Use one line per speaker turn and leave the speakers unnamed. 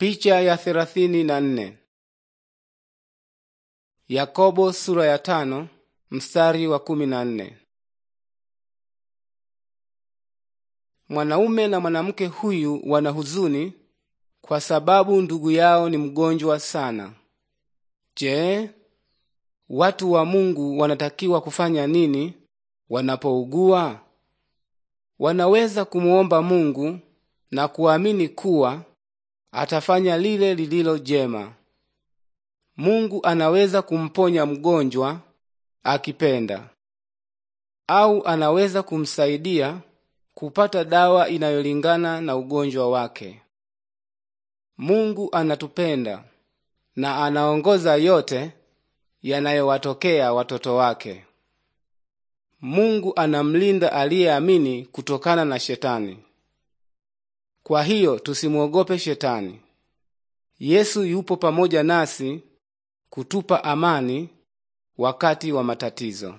Picha ya thelathini na nne. Yakobo sura ya tano mstari wa kumi na nne. Mwanaume na mwanamke huyu wana huzuni kwa sababu ndugu yao ni mgonjwa sana. Je, watu wa Mungu wanatakiwa kufanya nini wanapougua? Wanaweza kumuomba Mungu na kuamini kuwa atafanya lile lililo jema. Mungu anaweza kumponya mgonjwa akipenda, au anaweza kumsaidia kupata dawa inayolingana na ugonjwa wake. Mungu anatupenda na anaongoza yote yanayowatokea watoto wake. Mungu anamlinda aliyeamini kutokana na shetani. Kwa hiyo tusimwogope Shetani. Yesu yupo pamoja nasi kutupa amani wakati wa matatizo.